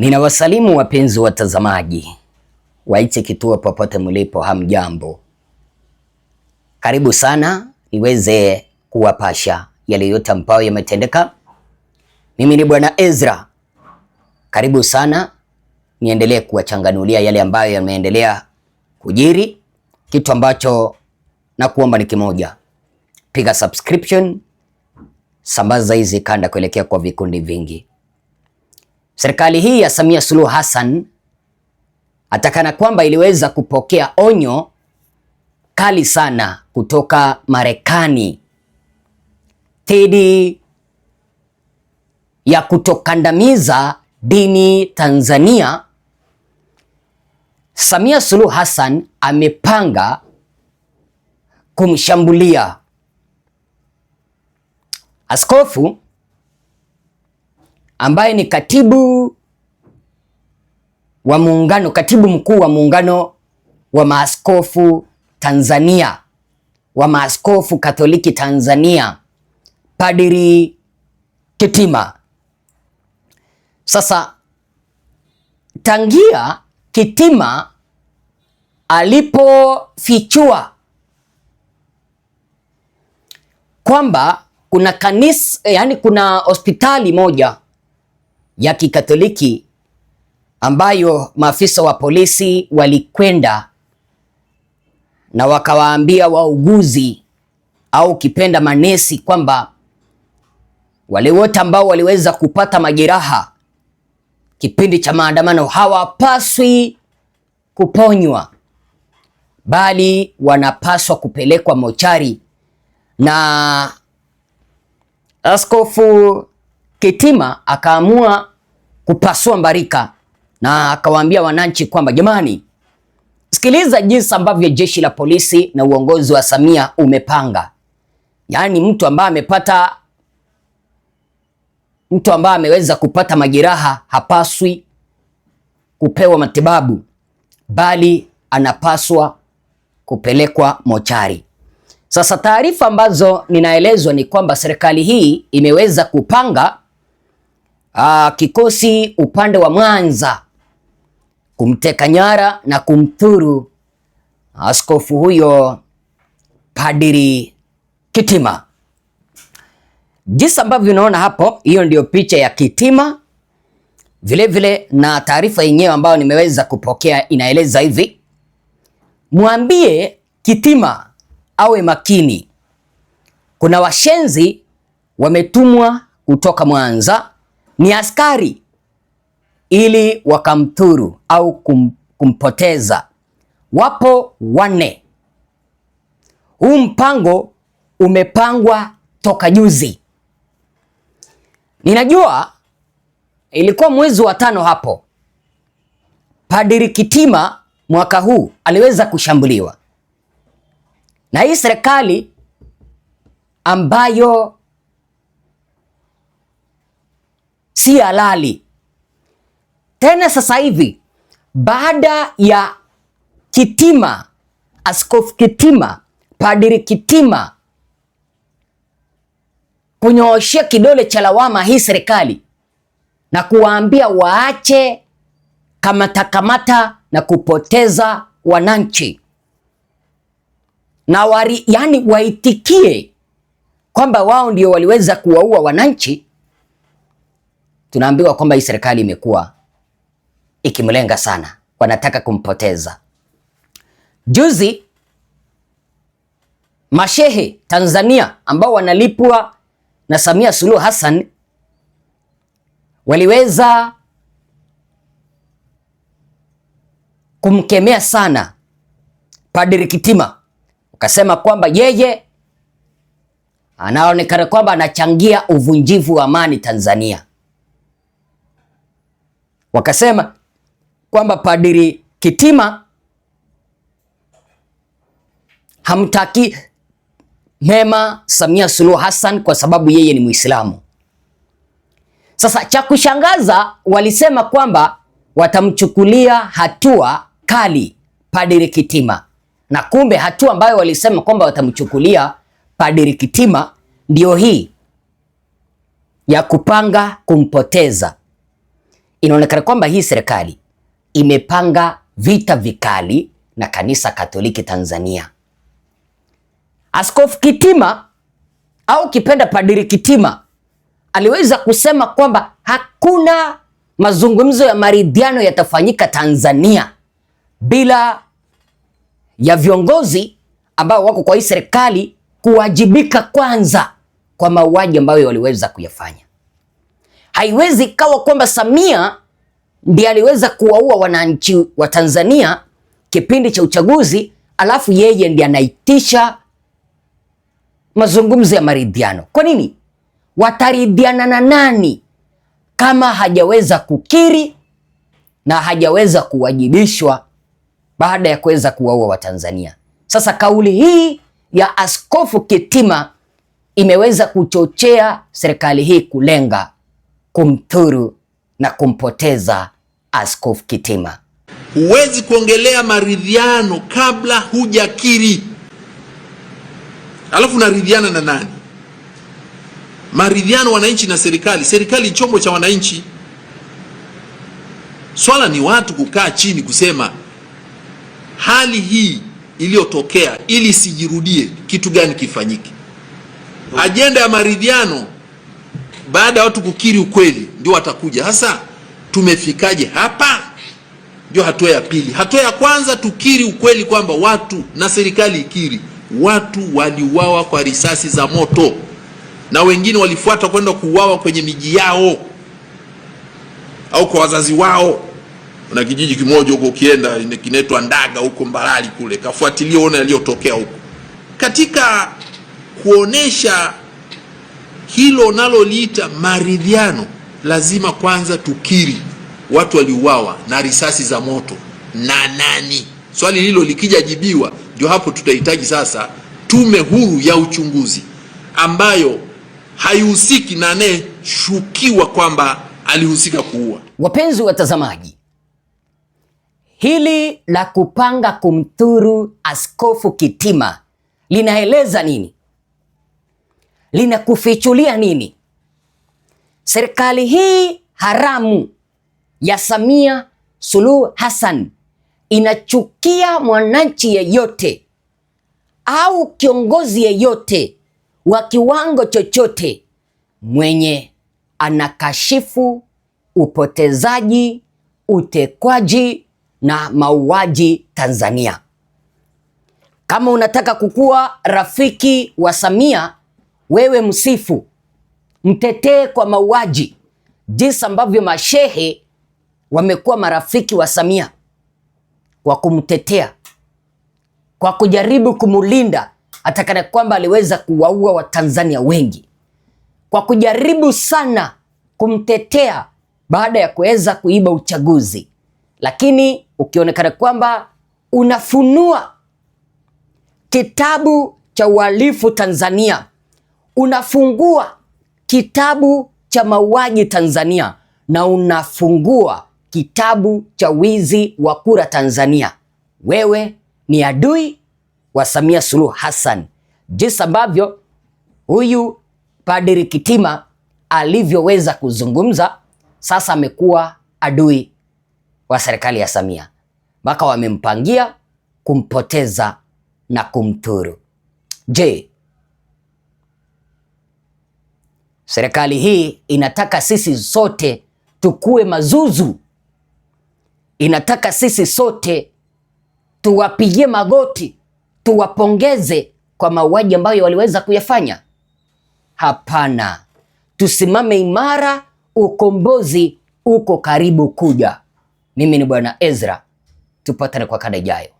Ninawasalimu wapenzi watazamaji waiche kituo popote mlipo, hamjambo, karibu sana niweze kuwapasha yale yote ambayo yametendeka. Mimi ni Bwana Ezra, karibu sana niendelee kuwachanganulia yale ambayo yameendelea kujiri. Kitu ambacho nakuomba ni kimoja, piga subscription, sambaza hizi kanda kuelekea kwa vikundi vingi. Serikali hii ya Samia Suluhu Hassan atakana kwamba iliweza kupokea onyo kali sana kutoka Marekani dhidi ya kutokandamiza dini Tanzania. Samia Suluhu Hassan amepanga kumshambulia askofu ambaye ni katibu wa muungano, katibu mkuu wa muungano wa maaskofu Tanzania, wa maaskofu Katoliki Tanzania, Padri Kitima. Sasa tangia Kitima alipofichua kwamba kuna kanisa, yani kuna hospitali moja ya Kikatoliki ambayo maafisa wa polisi walikwenda na wakawaambia wauguzi au kipenda manesi kwamba wale wote ambao waliweza kupata majeraha kipindi cha maandamano hawapaswi kuponywa, bali wanapaswa kupelekwa mochari. Na Askofu Kitima akaamua kupasua mbarika na akawaambia wananchi kwamba jamani, sikiliza jinsi ambavyo jeshi la polisi na uongozi wa Samia umepanga. Yaani mtu ambaye amepata mtu ambaye ameweza kupata majeraha hapaswi kupewa matibabu, bali anapaswa kupelekwa mochari. Sasa taarifa ambazo ninaelezwa ni kwamba serikali hii imeweza kupanga aa, ah, kikosi upande wa Mwanza kumteka nyara na kumthuru askofu huyo padiri Kitima. Jinsi ambavyo unaona hapo, hiyo ndiyo picha ya Kitima. Vilevile vile, na taarifa yenyewe ambayo nimeweza kupokea inaeleza hivi: mwambie Kitima awe makini, kuna washenzi wametumwa kutoka Mwanza ni askari ili wakamthuru au kum, kumpoteza. Wapo wanne. Huu mpango umepangwa toka juzi. Ninajua ilikuwa mwezi wa tano hapo, Padri Kitima mwaka huu aliweza kushambuliwa na hii serikali ambayo si halali tena. Sasa hivi baada ya Kitima, Askofu Kitima, Padri Kitima kunyooshia kidole cha lawama hii serikali na kuwaambia waache kamata kamata na kupoteza wananchi na wari, yani waitikie kwamba wao ndio waliweza kuwaua wananchi tunaambiwa kwamba hii serikali imekuwa ikimlenga sana, wanataka kumpoteza. Juzi mashehe Tanzania ambao wanalipwa na Samia Suluhu Hassan waliweza kumkemea sana Padri Kitima, ukasema kwamba yeye anaonekana kwamba anachangia uvunjivu wa amani Tanzania wakasema kwamba Padri Kitima hamtaki mema Samia Suluhu Hassan kwa sababu yeye ni Muislamu. Sasa cha kushangaza, walisema kwamba watamchukulia hatua kali Padri Kitima, na kumbe hatua ambayo walisema kwamba watamchukulia Padri Kitima ndio hii ya kupanga kumpoteza Inaonekana kwamba hii serikali imepanga vita vikali na kanisa Katoliki Tanzania. Askofu Kitima au kipenda Padiri Kitima aliweza kusema kwamba hakuna mazungumzo ya maridhiano yatafanyika Tanzania bila ya viongozi ambao wako kwa hii serikali kuwajibika kwanza kwa mauaji ambayo waliweza kuyafanya. Haiwezi ikawa kwamba Samia ndiye aliweza kuwaua wananchi wa Tanzania kipindi cha uchaguzi, alafu yeye ndiye anaitisha mazungumzo ya maridhiano. Kwa nini? Wataridhiana na nani kama hajaweza kukiri na hajaweza kuwajibishwa baada ya kuweza kuwaua Watanzania? Sasa kauli hii ya Askofu Kitima imeweza kuchochea serikali hii kulenga kumthuru na kumpoteza Askofu Kitima. Huwezi kuongelea maridhiano kabla hujakiri, alafu naridhiana na nani? Maridhiano wananchi na serikali. Serikali chombo cha wananchi. Swala ni watu kukaa chini kusema hali hii iliyotokea ili sijirudie kitu gani kifanyike? Mm. Ajenda ya maridhiano baada ya watu kukiri ukweli ndio watakuja. Sasa tumefikaje hapa? Ndio hatua ya pili. Hatua ya kwanza tukiri ukweli kwamba watu na serikali ikiri watu waliuawa kwa risasi za moto na wengine walifuata kwenda kuuawa kwenye miji yao au kwa wazazi wao. Na kijiji kimoja huko ukienda kinaitwa Ndaga huko Mbarali kule, kafuatilia ona yaliyotokea huko katika kuonesha hilo unaloliita maridhiano, lazima kwanza tukiri watu waliuawa na risasi za moto na nani. Swali hilo likijajibiwa, ndio hapo tutahitaji sasa tume huru ya uchunguzi ambayo haihusiki na anayeshukiwa kwamba alihusika kuua. Wapenzi watazamaji, hili la kupanga kumthuru Askofu Kitima linaeleza nini? linakufichulia nini? Serikali hii haramu ya Samia Suluhu Hassan inachukia mwananchi yeyote au kiongozi yeyote wa kiwango chochote mwenye anakashifu upotezaji, utekwaji na mauaji Tanzania. Kama unataka kukuwa rafiki wa Samia wewe msifu, mtetee kwa mauaji, jinsi ambavyo mashehe wamekuwa marafiki wa Samia kwa kumtetea, kwa kujaribu kumulinda kana kwamba aliweza kuwaua Watanzania wengi, kwa kujaribu sana kumtetea baada ya kuweza kuiba uchaguzi, lakini ukionekana kwamba unafunua kitabu cha uhalifu Tanzania Unafungua kitabu cha mauaji Tanzania na unafungua kitabu cha wizi wa kura Tanzania. Wewe ni adui wa Samia Suluhu Hassan, jinsi ambavyo huyu Padri Kitima alivyoweza kuzungumza. Sasa amekuwa adui wa serikali ya Samia, mpaka wamempangia kumpoteza na kumturu. Je, Serikali hii inataka sisi sote tukue mazuzu, inataka sisi sote tuwapigie magoti, tuwapongeze kwa mauaji ambayo waliweza kuyafanya. Hapana, tusimame imara, ukombozi uko karibu kuja. Mimi ni Bwana Ezra, tupatane kwa kada ijayo.